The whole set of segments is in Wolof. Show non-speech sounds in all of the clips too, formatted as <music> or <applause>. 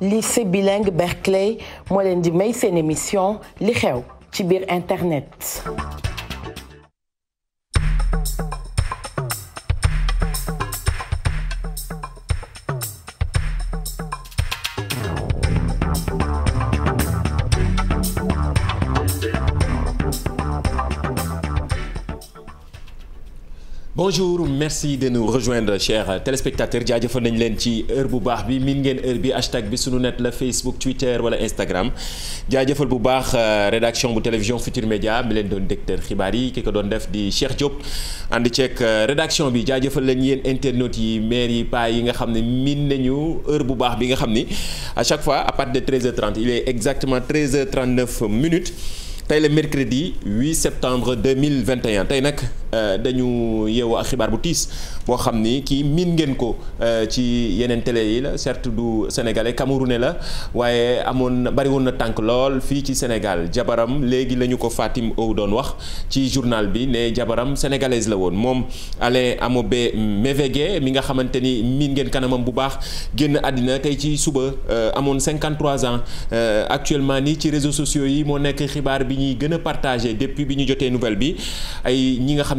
lycée bilingue Berkeley moo leen di may seen émission li xew ci biir internet bonjour merci de nous rejoindre chers téléspectateurs jaajëfal nañ leen ci heure bu baax bi miin ngeen heure bi hashtag bi sunu net la Facebook Twitter wala Instagram jaajëfal bu baax euh, rédaction bu télévision Futur Média mi leen doon dégtal xibaar yi ki ko doon def di Cheikh Diop ànd ceeg euh, rédaction bi jaajëfal leen yéen internautes yi maire yi paa yi nga xam ne miin nañu heure bu baax bi nga xam ni a chaque fois à partir de 13h30 il est exactement 13h39 minutes tey la mercredi 8 septembre 2021 tey nag. Euh, dañu yeewoo ak xibaar bu tiis boo xam ni kii miin ngeen ko euh, ci yeneen télé yi la certes du sénégalais camerounais la waaye amoon bari woon na tànk lool fii ci Sénégal jabaram léegi lañu ko Fatim Ow doon wax ci journal bi ne jabaram sénégalaise la woon moom Alain Amobé Mévégué mi nga xamante ni miin ngeen kanamam bu baax génn àddina tey ci suba euh, amoon 53 ans actuellement nii ci réseau sociaux yi moo nekk xibaar bi ñuy gën a partagé depuis bi ñu jotee nouvelle bi ay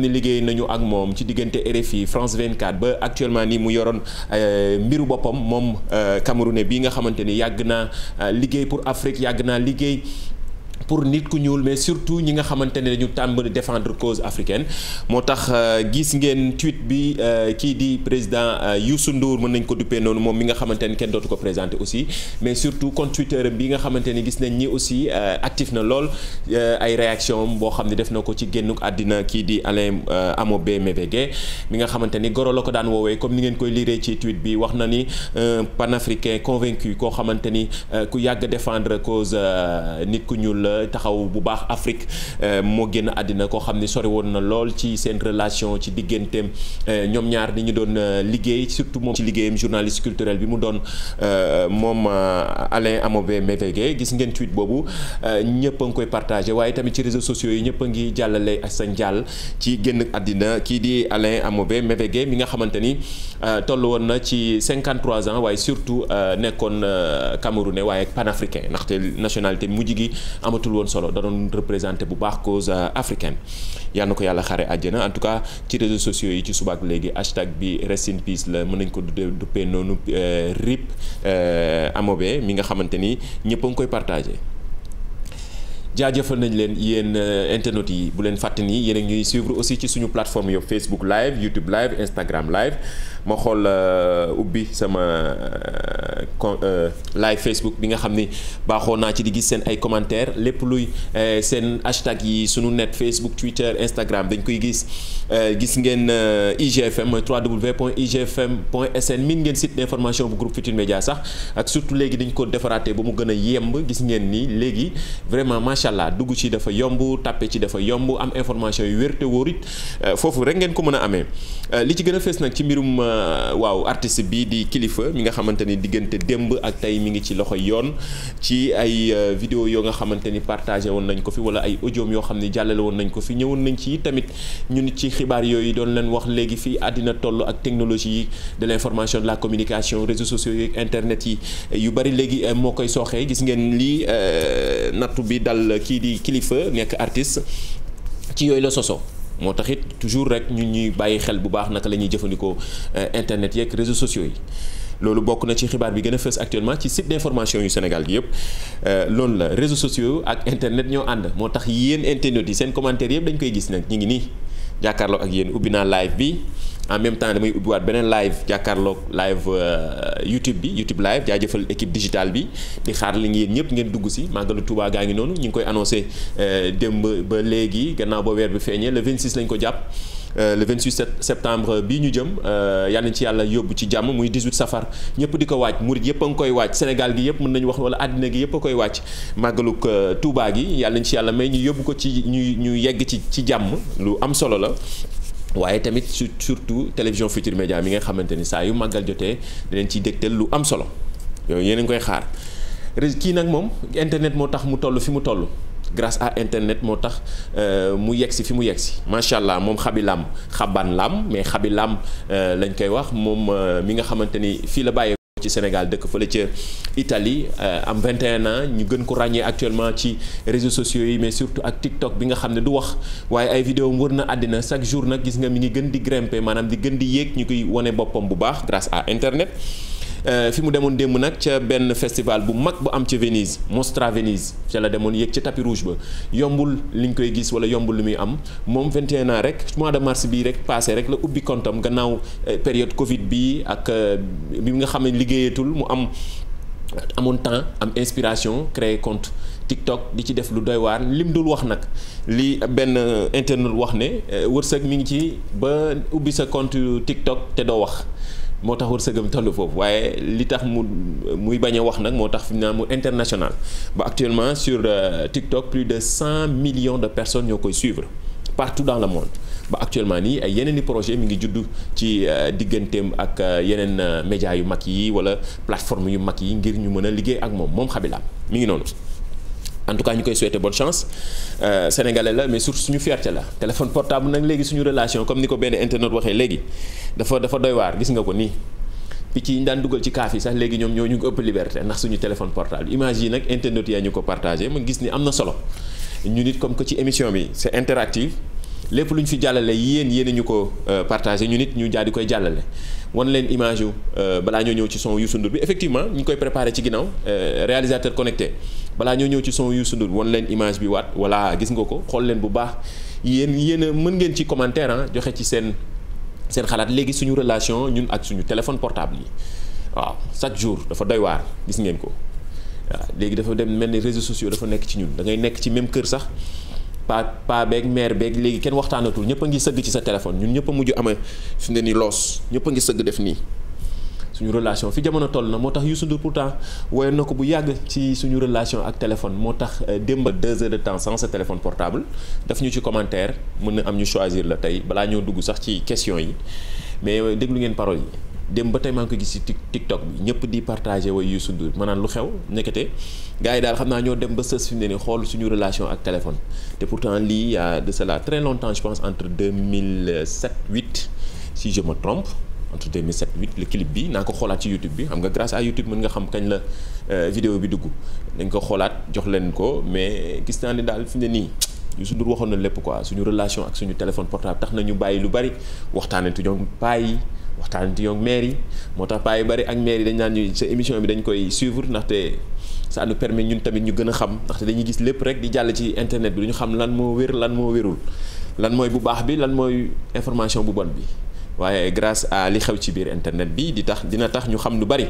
liggéey nañu ak moom ci diggante RFI France 24 ba actuellement ni mu yoroon euh, mbiru boppam moom euh, Camerounais bii nga xamante ni yàgg naa euh, liggéey pour Afrique yàgg naa liggéey pour nit ku ñuul mais surtout ñi nga xamante ne dañu tàmbali défendre cause africain moo tax euh, gis ngeen tweet bi euh, kii di président euh, Youssou Ndour mën nañ ko duppee noonu moom mi nga xamante ne kenn dootu ko présenté aussi mais surtout compte Twitter bi nga xamante ne gis nañ ñi aussi actif na lool ay réaction boo xam ne def na ko ci génn àddina kii di Alain Amobé Mébégué e mi nga xamante ni goro la ko daan woowee comme ni ngeen koy liiree ci tweet bi wax na ni panafricain convaincu koo xamante ni ku yàgg défendre cause nit ku ñuul taxaw bu baax Afrique euh, moo génn àddina koo xam ni sori woon na lool ci seen relation ci digganteem euh, ñoom ñaar ni ñu doon euh, liggéey surtout moom ci liggéeyam journaliste culturel bi mu doon moom Alain Amobé Mévégué gis ngeen tweet boobu ñëpp a ngi koy partagé waaye tamit ci réseaux sociaux yi ñëpp a ngi jàllale ak sa njàll ci génn àddina kii di Alain Amobé Mévégué mi nga xamante ni toll woon na ci 53 ans waaye surtout nekkoon Camerounais waaye panafricain ndaxte nationalité gi amatul woon solo da doon bu baax cause euh, africaine yal na ko yàlla xare àjjana en tout cas ci réseaux sociaux yi ci subaak léegi hashtag bi rest in peace la mën nañ ko duppee noonu euh, RIP euh, Amobe mi nga xamante ni ñëpp a ngi koy partagé jaajëfal nañ leen yéen internet yi bu leen fàtte ni yéen a ñuy suivre aussi ci suñu plateforme yëpp Facebook live YouTube live Instagram live ma xool ubbi sama con euh, live Facebook bi nga xam ni baaxoo naa ci di gis seen ay commentaires lépp luy euh, seen hashtag yi sunu net Facebook Twitter Instagram dañ koy gis euh, gis ngeen IGFM mooy www.igfm.sn min ngeen site information bu groupe Futur Média sax ak surtout léegi dañ ko defaraatee ba mu gën a yemb gis ngeen ni léegi vraiment macha allah dugg ci dafa yomb tàppe ci dafa yomb am information yu wér te foofu rek ngeen ko mën a amee li ci gën a fees nag ci mbirum waaw démb ak tey mi ngi ci loxo yoon ci ay euh, vidéo yoo nga xamante ni partagé woon nañ ko fi wala ay audio yoo xam ne jàllale woon nañ ko fi ñëwoon nañ ci tamit ñun ci xibaar yooyu doon leen wax léegi fii àddina toll ak technologie yi de l'information de la communication réseaux sociaux yi internet yi euh, yu bari léegi euh, moo koy sooxee gis ngeen lii nattu bi dal kii di kilifa nekk artiste ci yooyu la soso moo tax it toujours rek ñu ñuy bàyyi xel bu baax naka la ñuy jëfandikoo internet yeeg réseaux sociaux yi loolu bokk na ci xibaar bi gën a fës actuellement ci site d'information yu Sénégal gi yëpp euh, loolu la réseaux sociaux ak internet ñoo ànd moo tax yéen internet yi seen commentaire yëpp dañ koy gis nag ñu ngi nii jàkkaarloo ak yéen ubbi naa live bi en même temps damay ubbiwaat beneen live jàkkaarloog live euh, YouTube bi YouTube live jaajëfal équipe digitale bi di xaar li ngeen ñëpp ngeen dugg si màggalu Touba gaa ngi noonu ñu ngi koy annoncé euh, démb ba léegi gannaaw ba weer bi feeñee le vingt 26 lañ ko jàpp. Euh, le 28 septembre bi ñu jëm yal na ci yàlla yóbbu ci jàmm muy 18 safar ñëpp di ko waaj murit yëpp a ngi koy waaj Sénégal gi yëpp mën nañu wax wala àddina gi yëpp a koy waaj màggaluk Touba gi yal na yàlla may ñu yóbbu ko ci ñu ñu yegg ci ci jàmm lu am solo la. waaye tamit surtout télévision Futurs Médias mi nga xamante ni saa yu màggal jotee dinañ ciy dégtal lu am solo yooyu yéen a koy xaar kii nag moom internet moo tax mu toll fi mu toll grâce à internet moo tax euh, mu yegg si fi mu yegg si macha allah moom xabi laam xaban laam mais xabi laam euh, lañ koy wax moom euh, mi nga xamante ni fii la bàyyee ci Sénégal dëkk fële ca Italie euh, am 21 ans ñu gën ko ràññee actuellement ci réseaux sociaux yi mais surtout ak TikTok bi nga xam ne du wax waaye ay vidéo wër na àddina chaque jour nag gis nga mi ngi gën di grimper maanaam di gën di yéeg ñu koy wane boppam bu baax grâce à internet. Euh, fi mu demoon démb nag ca benn festival bu mag bu am ca Venise Mostra Venise ca la demoon yéeg ca tapis rouge ba yombul ñu koy gis wala yombul lu muy am moom 21 ans rek mois de mars bii rek passé rek la ubbi kontam gannaaw euh, période Covid bi ak euh, bi nga xam ne liggéeyatul mu am amoon temps am inspiration créer compte. TikTok di ci def lu doy waar lim dul wax nag li benn internet wax ne wërsëg mi ngi ci ba ubbi sa compte TikTok te doo wax moo tax wërsëgam toll foofu waaye li tax mu muy bañ a wax nag moo tax fi mu naan mu international ba actuellement sur euh, TikTok plus de cent millions de personnes ñoo koy suivre partout dans le monde ba actuellement nii ay yeneen i projet mi ngi juddu ci euh, digganteem ak euh, yeneen médias yu mag yi wala plateforme yu mag yi ngir ñu mën a liggéey ak moom moom Xabilaam mi ngi noonu en tout cas ñu koy souhaiter bonne chance euh, sénégalais la mais surtout suñu fierté la téléphone portable nag léegi suñu relation comme ni ko benn internet waxee léegi dafa dafa doy waar gis nga ko nii picc yi ñu daan dugal ci kaaf yi sax léegi ñoom ñoo ñu ko ëpp liberté ndax suñu téléphone portable image yi nag internet yaa ñu ko partagé ma gis ni am na solo ñu nit comme que ci émission bi c'est interactive lépp lu ñu fi jàllale yéen yéen ñu ko euh, partagé ñu nit ñu daal di koy jàllale wan leen image yu euh, balaa ñoo ñëw ci son Youssou Ndour bi effectivement ñu ngi koy préparé ci ginnaaw euh, réalisateur connecté balaa ñoo ñëw ci son Youssou Ndour wan leen image bi waat voilà gis nga ko xool leen bu baax yéen yéen a mën ngeen ci commentaire ah joxe ci seen seen xalaat léegi suñu relation ñun ak suñu téléphone portable yi waaw chaque jour dafa doy waar gis ngeen ko waaw léegi dafa dem mel ni réseaux sociaux dafa nekk ci ñun da ngay nekk ci même kër sax pa pa beeg maire beeg léegi kenn waxtaanatul ñëpp a ngi sëgg ci sa téléphone ñun ñëpp a mujj amee su ne ni loos ñëpp a ngi sëgg def nii suñu relation fi jamono toll na moo tax Youssou Ndour pourtant woyoon na ko bu yàgg ci suñu relation ak téléphone moo tax euh, démb deux heures de temps sans sa téléphone portable daf ñu ci commentaire mën na am ñu choisir la tey balaa ñoo dugg sax ci question yi mais euh, déglu ngeen parole yi dem ba tey maa ngi ko gis ci tiktok bi ñëpp di partagé way Youssou Ndour naan lu xew nekkete gars yi daal xam naa ñoo dem ba sës fi mu ne ni xool suñu relation ak téléphone te pourtant lii y a de cela très longtemps je pense entre 2007 8 si je me clip bi naa ko xoolaat ci YouTube bi xam nga grâce à YouTube mën nga xam kañ la euh, vidéo bi dugg dañ ko xoolaat jox leen ko mais gis naa ne daal fi mu ne nii Youssou Ndour waxoon na lépp ko suñu relation ak suñu téléphone portable tax na ñu bàyyi lu bari waxtaanee tu ñoom bàyyi waxtaan ci yow maire yi moo tax paa bari ak maire yi dañ naan ñu sa émission bi dañ koy suivre ndaxte ça nous permet ñun tamit ñu gën a xam ndaxte dañuy gis lépp rek di jàll ci internet bi du ñu xam lan moo wér lan wérul lan mooy bu baax bi lan mooy information bu bon bi waaye grâce à li xew ci biir internet bi di tax dina tax ñu xam lu bari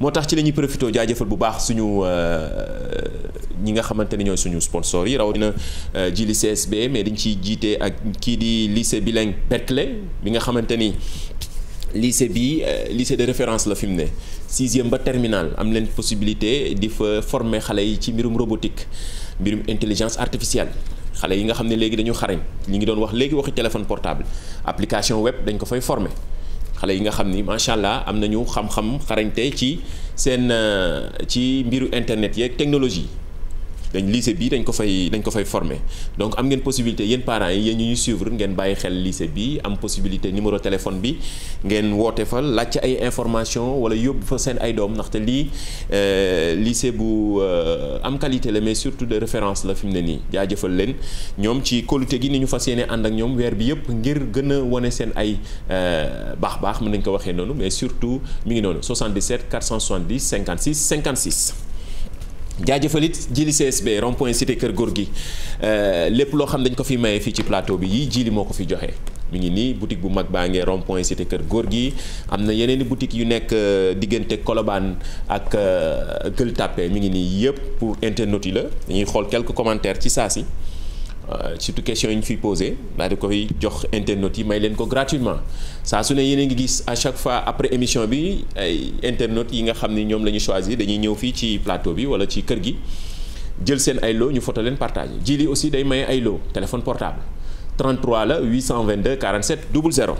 moo tax ci lañuy ñuy profité jaajëfal bu baax suñu euh, ñi nga xamante ni ñooy suñu sponsor yi rawatina euh, ji li CSB mais dañ ciy jiite ak kii di lycée bilingue Berkeley bi nga xamante ni lycée bi euh, lycée de référence la fi mu ne sixième ba terminal am leen possibilité di fa former xale yi ci mbirum robotique mbirum intelligence artificielle xale yi nga xam ne léegi dañu xarañ ñi ngi doon wax léegi waxi téléphone portable application web dañ ko fay former xale yi nga xam ni macha allah am nañu xam-xam xarañte ci seen euh, ci mbiru internet yeeg technologie dañ lycée bi dañ ko fay dañ ko fay former donc am ngeen possibilité yéen parents yi yéen ñu ñuy suivre ngeen bàyyi xel lycée bi am possibilité numéro téléphone bi ngeen wooteefal fa laajte ay information wala yóbbu fa seen ay doom ndaxte lii euh, lycée bu euh, am qualité la mais surtout de référence la fi mu ne nii jaajëfal leen ñoom ci kóolute gi ni ñu fa yéene ànd ak ñoom weer bi yëpp ngir gën a wane seen ay euh, baax baax mën nañ ko waxee noonu mais surtout mi ngi noonu 77 jaajëfalit jili CSB rond point cité kër góor gi euh, lépp loo xam dañ ko fi maye fii ci plateau bi yii jili moo ko fi joxee mu ngi nii boutique bu mag baa ngee rond point kër góor gi am na yeneen i boutique yu nekk euh, diggante kolobaan ak euh, Gueule Tapée mi ngi nii yëpp pour internautes yi la ñuy xool quelques commentaires ci saa si Euh, surtout question yi ñu fi posé daal di koy jox internautes yi may leen ko gratuitement saa su ne yéen a ngi gis à chaque fois après émission bi ay internautes yi nga xam ni ñoom la ñu choisir dañuy ñëw fii ci plateau bi wala ci kër gi jël seen aylo ñu foto leen partagé ji li aussi day maye ay lot téléphone portable 33 la 822 47 00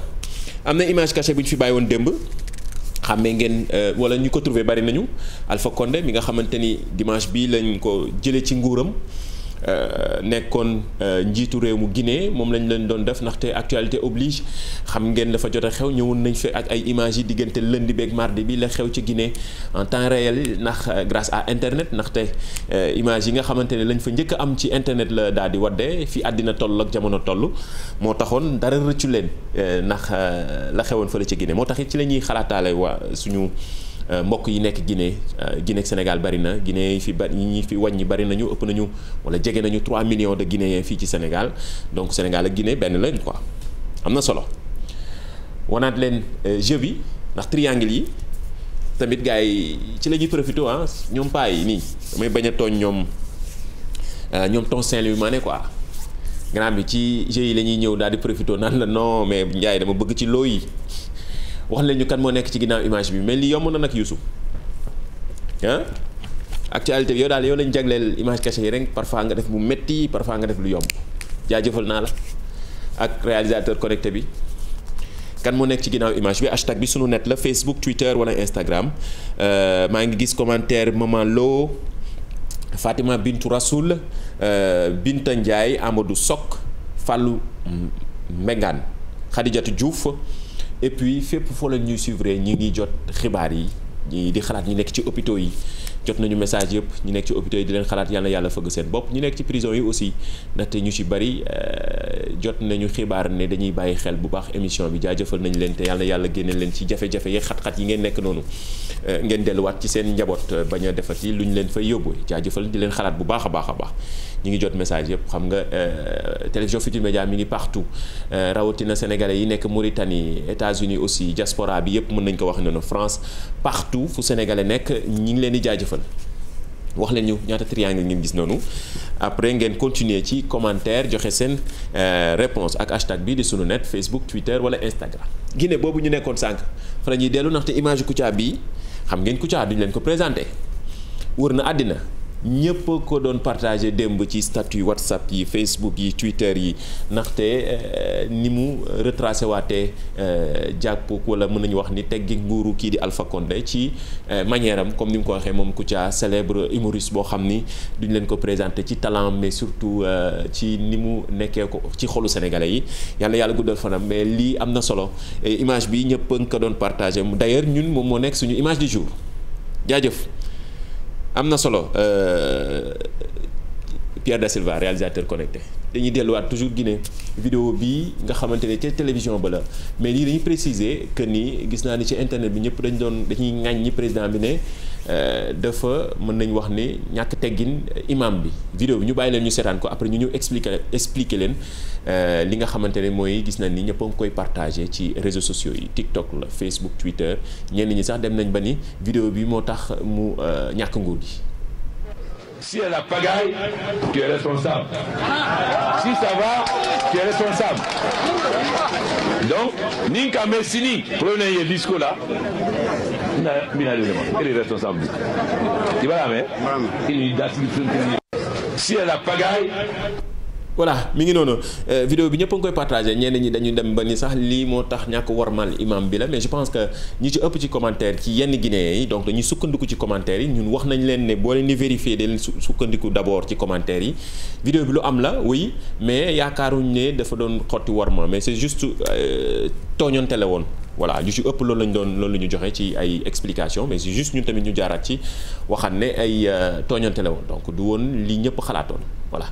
am na image cachée bu ñu fi bàyyi woon démb xàmmee ngeen euh, wala ñu ko trouvé bari nañu Alpha Condé mi nga xamante ni dimanche bi lañ ko jëlee ci nguuram Euh, nekkoon euh, njiitu réew mu Guinée moom lañ leen doon def ndaxte actualité oblige xam ngeen dafa jot a xew ñëwoon nañ fi ak ay images yi diggante lundi beeg mardi bi la xew ci Guinée en temps réel ndax euh, grâce à internet ndaxte image yi nga xamante ne lañ fa njëkk a am ci internet la daal di waddee fi àddina toll ak jamono toll moo taxoon dara rëccu leen ndax la xewoon fële ci Guinée moo tax it ci la ñuy xalaataale waa suñu. Euh, mbokk yi nekk Guinée euh, Guinée Sénégal bari na Guinée yi fi ba ñi fi wàññi bari nañu ëpp nañu wala jege nañu 3 millions de Guinéens fii ci Sénégal donc Sénégal ak Guinée benn lañ ko am na solo wanaat leen euh, jeu bi ndax triangle yi tamit gars yi ci lañuy ñuy profité ah ñoom paa yi nii damay bañ a tooñ ñoom ñoom ton Saint-Louis Mané quoi grand bi ci jeu yi la ñuy ñëw daal di profité naan la non mais Ndiaye dama bëgg ci loo yi wax leen ñu kan moo nekk ci ginnaaw image bi mais lii yomb na nag Youssou ah actualité bi yow daal yow lañ jagleel image cachée yi rek parfois nga def mu metti parfois nga def lu yomb jaajëfal naa la ak réalisateur connecté bi kan moo nekk ci ginnaaw image bi hashtag bi sunu net la Facebook Twitter wala Instagram euh, maa ngi gis commentaire maman Lo Fatima Bintu Rasoul euh, Binta Ndiaye Amadou Sok falu Mbengaan Khadijatu Diouf et puis fépp foo leen ñuy suivre ñi ngi jot xibaar yi ñii di xalaat ñu nekk ci hôpitaux yi jot nañu message yëpp ñu nekk ci hôpitaux yi di leen xalaat yal na yàlla fëgg seen bopp ñu nekk ci prison yi aussi ndaxte ñu ci euh, xel bu baax émission bi jaajëfal nañu leen te yal yàlla génne leen ci jafe-jafe yi xat-xat yi ngeen nekk noonu euh, ngeen delluwaat ci seen njaboot euh, bañ a defati lu ñu leen fay yóbbu jaajëfal di leen xalaat bu baax a baax ñu ngi jot message yëpp xam nga télévision Futurs Médias mi ngi partout rawatina sénégalais yi nekk Mauritanie États-Unis aussi diaspora bi yëpp mën nañ ko wax noonu France partout fu sénégalais nekk ñi ngi leen di jaajëfal wax leen ñu ñaata triangle ngeen gis noonu après ngeen continuer ci commentaire joxe seen euh, réponse ak hashtag bi di sunu net Facebook Twitter wala Instagram. Guinée boobu ñu nekkoon sànq fa ñuy dellu ndaxte image Kouthia bii xam ngeen Kouthia duñ leen ko présenté wër na àddina. ñëpp ko doon partagé démb ci statut whatsapp yi facebook yi twitter yi ndaxte euh, ni mu retracé waatee euh, jàppook wala mën nañu wax ni teggi nguuru kii di Alpha Condé ci euh, manière am comme ni mu ko waxee moom Kouthia célèbre humoriste boo xam ni duñ leen ko présenté ci talent mais surtout ci ni mu nekkee ko ci xolu sénégalais yi yàlla na yàlla guddal fanam mais lii am na solo image bi ñëpp nga ko doon partagé d'ailleurs ñun moom moo nekk suñu image du jour jaajëf am na solo. Pierre Da Silva réalisateur connecté dañuy delluwaat toujours Guinée vidéo bii nga xamante ne ca télévision ba la mais lii dañuy préciser que nii gis naa ni ci internet bi ñëpp dañu doon dañuy ŋàññ ñi président bi ne euh, dafa mën nañ wax ni ñàkk teggin imam bi vidéo bi ñu bàyyi leen ñu seetaan ko après ñu ñëw expliquer expliquer leen euh, li nga xamante ne mooy gis nañ nii ñëpp a ngi koy partagé ci réseau sociaux yi TikTok la Facebook Twitter ñenn ñi sax dem nañ ba ni vidéo bi moo tax mu euh, ñàkk nguur gi Si elle a pagaille, tu es responsable. Si ça va, tu es responsable. Donc, Ninka Messini, prenez le discours là. Il est responsable. Il va la mettre. Il Si elle a voilà mi ngi noonu euh, vidéo bi ñëpp a ngi koy partagé ñenn ñi dañu dem ba ni sax lii moo tax ñàkk warmal imam bi la mais je pense que ñi ci ëpp ci commentaire ci yenn guinéen yi donc dañuy sukkandiku ci commentaire yi ñun wax nañ leen ne boo leen di sukkandiku d' abord ci commentaire yi vidéo bi lu am la oui mais yaakaaruñ ne dafa doon xotti warma mais c' est juste euh, la woon voilà ñu ci ëpp loolu lañ doon loolu la ñu joxe ci ay explication mais c'est juste ñun tamit ñu jaaraat ci waxaat ne ay euh, tooñante la woon donc du woon li ñëpp xalaatoon voilà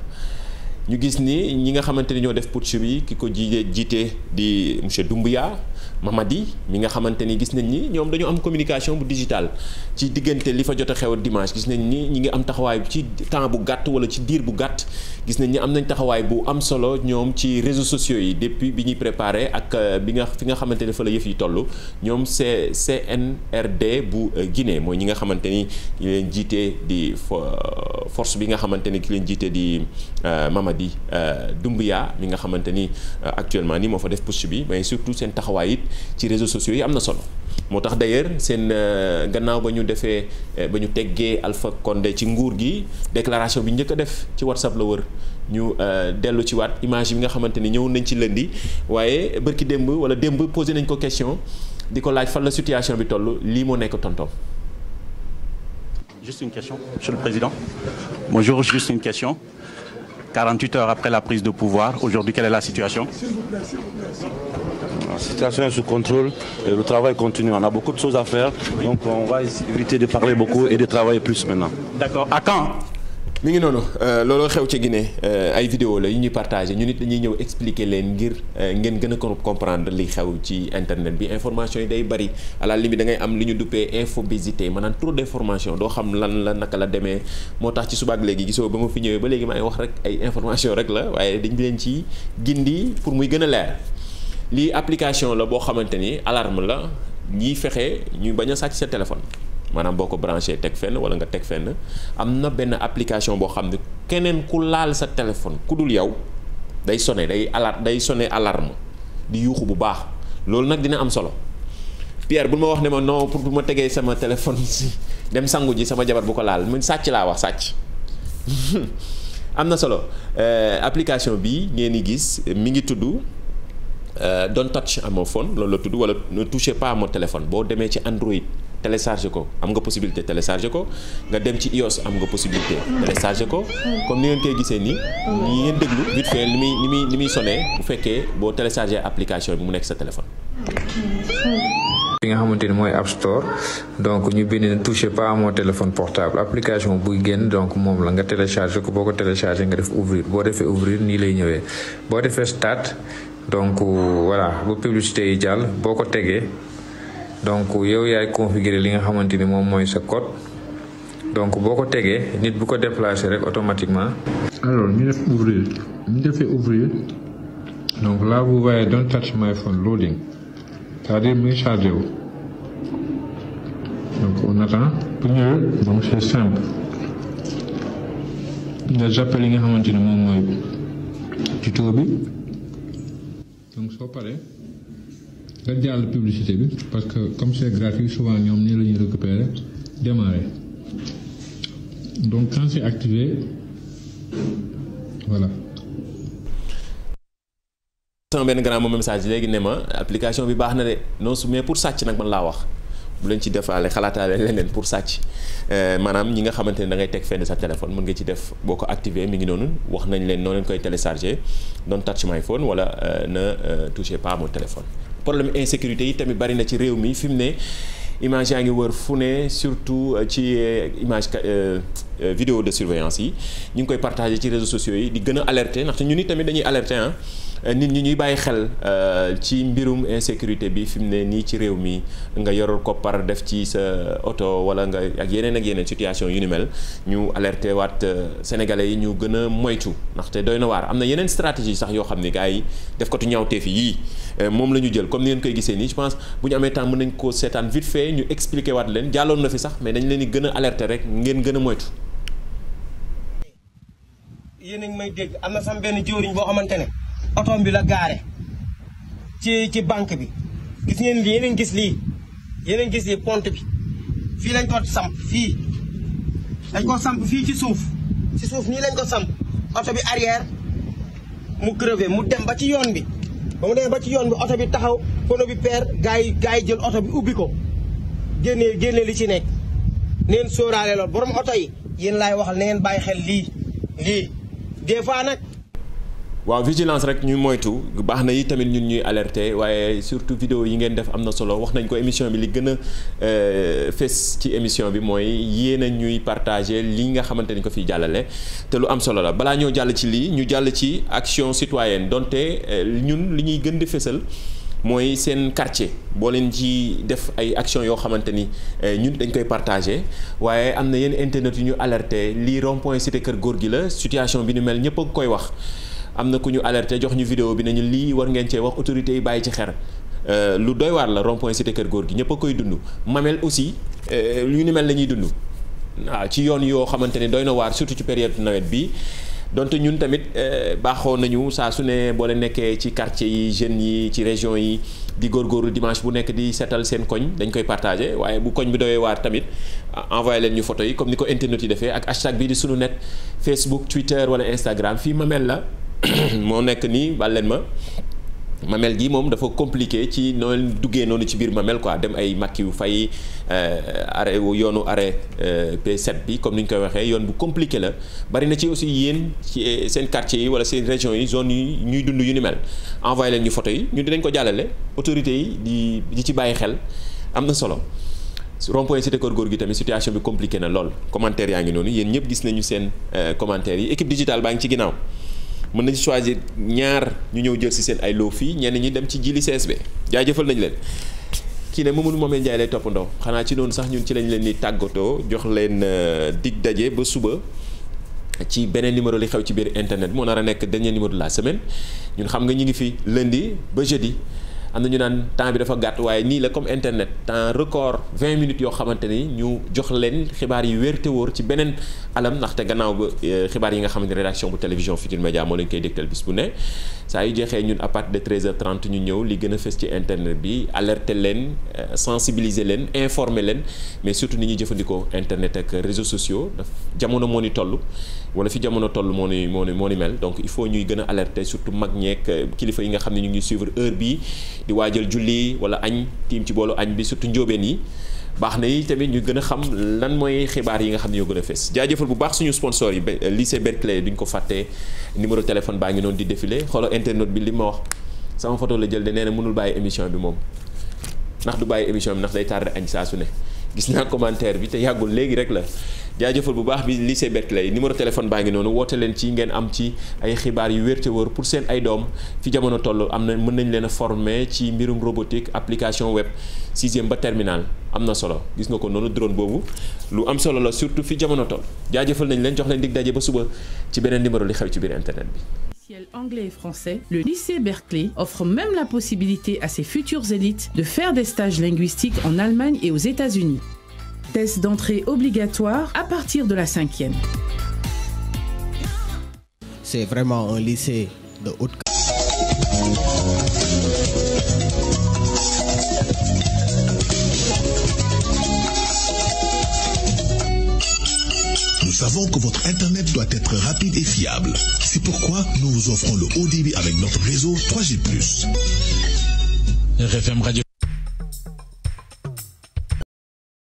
ñu gis ni ñi nga xamante ni ñoo def putsch bi ki ko jiite jiite di monsieur Doumbouya Mamadi mi nga xamante ni gis nañ ni ñoom dañu am communication bu digital ci diggante li fa jot a xew dimanche gis nañ ni ñi ngi am taxawaay ci temps bu gàtt wala ci diir bu gàtt gis nañ ni am nañ taxawaay bu am solo ñoom ci réseaux sociaux yi depuis bi ñuy préparé ak euh, bi nga fi nga xamante ne fa la yëf yi toll ñoom c'est CNRD bu Guinée mooy ñi nga xamante ni ki leen jiite di euh, force bi nga xamante ni ki leen jiite di euh, Mamadi Doumbouya mi nga xamante ni actuellement ni moo fa def poste surtout seen taxawaay ci réseaux sociaux yi am na solo moo tax d'ailleurs seen euh, gannaaw ba ñu defee euh, ba ñu teggee Alpha ci nguur gi déclaration bi njëkk def ci WhatsApp la wër ñu euh, dellu ci image yi nga xamante ni ñëw nañ ci lëndi waaye bërki démb wala démb posé nañ ko question di ko laaj fan la situation bi toll lii moo nekk tontoom. Juste une question, Monsieur le Président. Bonjour, juste une question. 48 heures après la prise de pouvoir, aujourd'hui, quelle est la situation? situation est sous contrôle et le travail continue. On a beaucoup de choses à faire, donc on va éviter de parler beaucoup et de travailler plus maintenant. D'accord. À quand? mi ngi noonu euh, looloo xew ci Guinée euh, ay vidéo la yu ñuy partagé ñu nit dañuy ñëw expliquer leen ngir euh, ngeen gën a comprendre li xew ci internet bi information yi day bari à la limite da am li ñu duppee infobésité maanaam trop d'information doo xam lan la naka la demee moo tax ci subaak léegi gisoo ba ma fi ñëwee ba léegi maa wax rek ay information rek la waaye dañ leen ci gindi pour muy gën a leer lii application la boo xamante ni alarme la ñiy fexe ñu bañ a sàcc sa téléphone maanaam boo ko branché teg fenn wala nga teg fenn am na benn application boo xam ne keneen ku laal sa téléphone ku dul yow day sone day alar day sonné alarme di yuuxu bu baax loolu nag dina am solo Pierre bu ma wax ne ma non pour bu ma tegee sama téléphone <laughs> si dem sangu ji sama jabar bu ko laal man sàcc laa wax sàcc <laughs> am na solo euh, application bii ngeen di gis mi ngi tudd. Euh, don't touch à mon phone loolu la tudd wala ne touchez pas à téléphone boo demee ci Android téléchargé ko am nga possibilité téléchargé ko nga dem ci iOS am nga possibilité téléchargé ko kon ni ngeen koy gisee nii ñi ngeen ni muy ni muy ni muy sonné bu fekkee boo téléchargé application bi mu nekk sa téléphone bi nga xamante ni mooy App Store donc ñu bind ne touchez pas à téléphone portable application buy génn donc moom la nga téléchargé ko boo ko téléchargé nga def ouvrir boo defee ouvrir nii lay ñëwee boo defee start donc voilà bu publicité yi jàll boo ko tegee donc yow yaay configurer li nga xamante ni moom mooy sa code donc boo ko tegee nit bu ko déplacer rek automatiquement. alors ñu def ouvrir ñu defee ouvrir donc là touch my loading cest à muy chargé wu donc on attend première mmh. donc c'est simple nga jàppale li nga xamante ni moom mooy tuto bi. donc soo paree nga jàll publicité bi parce que comme c'est gratuit souvent ñoom nii la ñuy récupérer démarrer donc quand c'est activé voilà. sama benn grand moom message léegi ne ma application bi baax na de su mais pour sàcc nag man laa wax. bu leen ci defaale xalaataale leneen pour sàcc euh, maanaam ñi nga xamante ne da ngay teg fenn sa téléphone mën nga ci def boo ko activé mi ngi noonu wax nañ leen noo leen koy télécharger don't touch my phone wala euh, ne euh, touchez pas mon téléphone. problème insécurité yi tamit bari na ci réew mi fi mu ne image yaa ngi wër fu ne surtout ci image vidéo de surveillance yi ñu ngi koy partager ci réseaux sociaux yi di gën a alerter ndaxte ñun tamit dañuy alerte ah. nit ñi ñuy bàyyi xel euh, ci mbirum insécurité bi fi mu ne nii ci réew mi nga yorul koppar def ci sa oto wala nga ak yeneen ak yeneen situation yu ni mel ñu alerte waat euh, sénégalais yi ñu gën a moytu ndaxte doy na waar am na yeneen stratégie sax yoo xam ne gars yi def ko tu ñaawteef yii euh, moom la ñu jël comme ni ngeen koy gisee nii je pense bu ñu amee temps mën nañ ko seetaan vite fait ñu expliqué waat leen jàlloon na fi sax mais dañ leen di gën a rek ngeen gën a moytu. yéen a ngi may boo xamante ne. otoom bi la gaare ci ci banque bi gis ngeen lii yeneen gis lii yeneen gis lii pont bi fii lañ ko samp fii dañ ko samp fii ci suuf si suuf nii lañ ko samp oto bi arrière mu crevé mu dem ba ci yoon bi ba mu demee ba ci yoon bi oto bi taxaw pono bi peer gars yi yi jël oto bi ubbi ko génnee génne li ci nekk neen sóoraale lool borom oto yi yéen laay waxal na ngeen bàyyi xel lii lii des nag waaw vigilance rek ñu moytu baax na yi tamit ñun ñuy alerter waaye surtout vidéo yi ngeen def am na solo wax nañ ko émission bi li gën a euh, fes ci émission bi mooy yéen a ñuy partager li nga xamante ni ko fi jàllale te lu am solo la balaa ñoo jàll ci lii ñu jàll ci action citoyenne donte euh, ñun li ñuy gën di fesal mooy seen quartier boo leen ci def ay action yoo xamante ni euh, ñun dañ koy partagé waaye am na yenn internet yu ñu alerte lii rond point cité kër góor gi la situation bi ñu mel ñëpp a koy wax am na ku ñu alerté jox ñu vidéo bi nañu lii war ngeen cee wax autorité yi bàyyi ci xel euh, lu doy waar la rond point cité kër góor gi ñëpp koy dund mamel aussi yu euh, ni mel la ñuy dund waaw ah, ci yoon yoo xamante ne doy na waar surtout ci période nawet bi donte ñun tamit euh, baaxoo nañu saa su ne boo leen nekkee ci quartier yi jeunes yi ci région yi di góor góor dimanche bu nekk di seetal seen koñ dañ koy partage waaye bu koñ bi doyee waar tamit envoyé leen ñu photo yi comme ni ko internet yi defee ak hashtag bii di sunu net Facebook Twitter wala Instagram fii mamel la <coughs> moo nekk nii bàl leen ma mamel gi moom dafa compliqué ci noo duggee noonu ci biir mamel quoi dem ay makki yu fay euh, arrêt yoonu arrêt euh, p set bi comme ni ñu koy waxee yoon bu compliqué la bari na ci aussi yéen ci euh, seen quartier yi wala seen région yi zone yi ñuy dund yu ni mel envoyé leen ñu photo yi ñu dinañ ko jàllale autorité yi di di ci bàyyi xel am na solo rond-point cité Keur Gorgui tamit situation bi compliqué na lool commentaire yaa ngi noonu yéen ñëpp gi nañu seen commentaires yi équipe digitale baa ngi ci ginnaaw mën nañ choisir ñaar ñu ñëw jël si seen ay loo fii ñenn ñi dem ci jili CSB jaajëfal nañ leen kii ne Mamadou Momé Ndiaye lay toppandoo xanaa ci noonu sax ñun ci lañ leen di tàggatoo jox leen euh, dig daje ba suba ci beneen numéro li xew ci biir internet moo nar a nekk dernier numéro de la semaine ñun xam nga ñu ngi fi lundi ba jeudi am na ñu naan temps bi dafa gàtt waaye nii la comme internet temps record 20 minutes yoo xamante ni ñu jox leen xibaar yi wér te ci beneen alam ndaxte gannaaw ba euh, xibaar yi nga xamante ni rédaction bu télévision Futurs Médias moo leen koy dégtal bis bu ne saa yu jeexee ñun à partir de 13h30 ñu ñëw li gën a fës ci internet bi alerter leen euh, sensibiliser leen informer leen mais surtout ni ñuy jëfandikoo internet ak réseaux sociaux jamono moo ni toll. wala fi jamono toll moo ni moo ni moo ni mel donc il faut ñuy gën a alerter surtout mag ñeek euh, kilifa yi nga xam ne ñu ngi suivre heure bi di waajal julli wala añ tiim ci boolu añ bi surtout njóobeen yi baax na yi tamit ñu gën a xam lan mooy xibaar yi nga xam ne ñoo gën a fees jaajëfal bu baax suñu sponsor yi lycée Berkeley duñ ko fàttee numéro téléphone baa ngi noonu di défilé xoolal internet bi li ma wax sama photo la jël de nee mënul bàyyi émission bi moom ndax du bàyyi émission bi ndax day tardé añ saa su ne gis naa commentaire bi te yàggul léegi rek la jaajëfal bu baax bi lycée Berkeley numéro téléphone baa ngi noonu woote leen ci ngeen am ci ay xibaar yu wér te wóor pour seen ay doom fi jamono toll am na mën nañ leen a former ci mbirum robotique application web sixième ba terminal am na solo gis nga ko noonu drone boobu lu am solo la surtout fi jamono toll jaajëfal nañ leen jox leen dig daje ba suba ci beneen numéro li xew ci biir internet bi. officiels anglais et français, le lycée Berkeley offre même la possibilité à ses futures élites de faire des stages linguistiques en Allemagne et aux États-Unis. Test d'entrée obligatoire à partir de la cinquième. savons que votre Internet doit être rapide et fiable. C'est pourquoi nous vous offrons le haut avec notre réseau 3G+. RFM